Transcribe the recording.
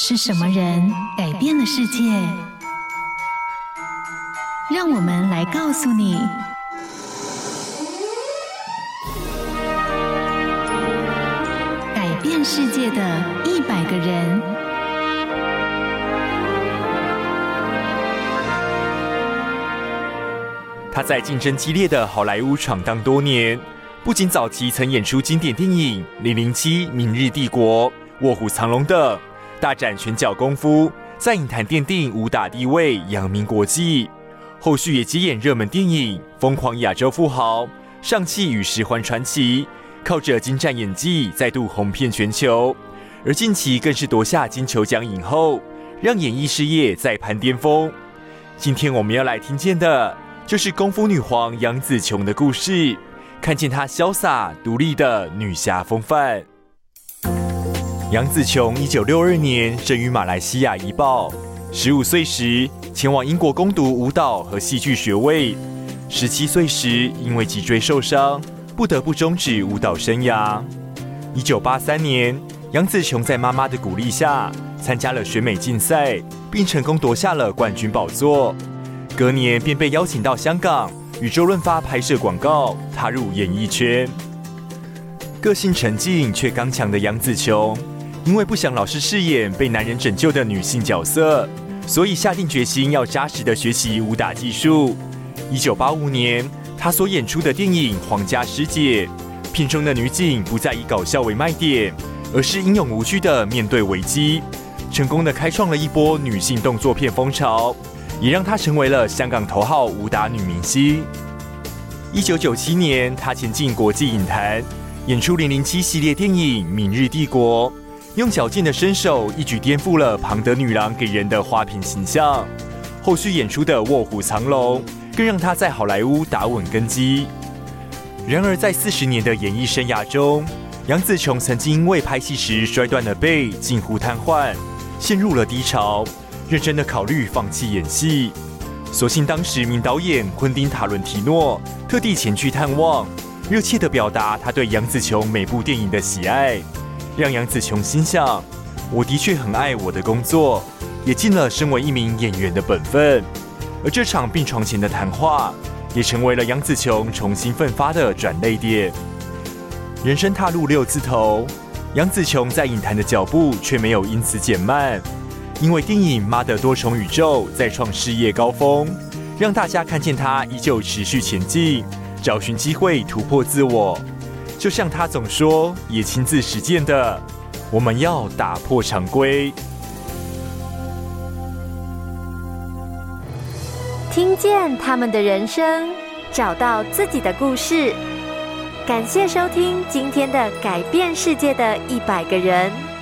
是什麼人改變了世界？讓我們來告訴你：改變世界的一百個人。她在競爭激烈的好萊塢闖蕩多年，不僅早期曾演出經典電影《零零七》《明日帝國》《臥虎藏龍》的，大展拳腳功夫，在影壇奠定武打地位，揚名國際。後續也接演熱門電影《瘋狂亞洲富豪》《尚氣與十環傳奇》，靠着精湛演技再度紅遍全球。而近期更是奪下金球獎影後，讓演藝事業再攀巔峰。今天我們要來聽見的就是功夫女皇楊紫瓊的故事，看見她瀟灑獨立的女俠風範。楊紫瓊一九六二年生於馬來西亞怡保，十五歲時前往英國攻讀舞蹈和戲劇學位，十七歲時因為脊椎受傷，不得不終止舞蹈生涯。一九八三年，楊紫瓊在媽媽的鼓勵下參加了選美競賽，並成功奪下了冠軍寶座。隔年便被邀請到香港與周潤發拍攝廣告，踏入演藝圈。個性沉靜卻剛強的楊紫瓊。因為不想老是飾演被男人拯救的女性角色，所以下定決心要紮實的學習武打技術。一九八五年，她所演出的電影《皇家師姐》，片中的女警不再以搞笑為賣點，而是英勇無懼的面對危機，成功的開創了一波女性動作片風潮，也讓她成為了香港頭號武打女明星。一九九七年，她前進國際影壇，演出《零零七》系列電影《明日帝國》。用矯健的身手一舉顛覆了龐德女郎給人的花瓶形象，後續演出的《臥虎藏龍》更讓她在好萊塢打穩根基。然而，在四十年的演藝生涯中，楊紫瓊曾經因為拍戲時摔斷了背，近乎癱瘓，陷入了低潮，認真的考慮放棄演戲。所幸當時名導演昆汀塔倫提諾特地前去探望，熱切地表達他對楊紫瓊每部電影的喜愛。讓楊紫瓊心想，我的確很愛我的工作，也盡了身為一名演員的本分。而這場病床前的談話，也成為了楊紫瓊重新奮發的轉捩點。人生踏入六字頭，楊紫瓊在影壇的腳步卻沒有因此減慢，因為電影《媽的多重宇宙》再創事業高峰，讓大家看見她依舊持續前進，找尋機會突破自我。就像他總說，也親自實踐的，我們要打破常規，聽見他們的人生，找到自己的故事。感謝收聽今天的改變世界的一百個人。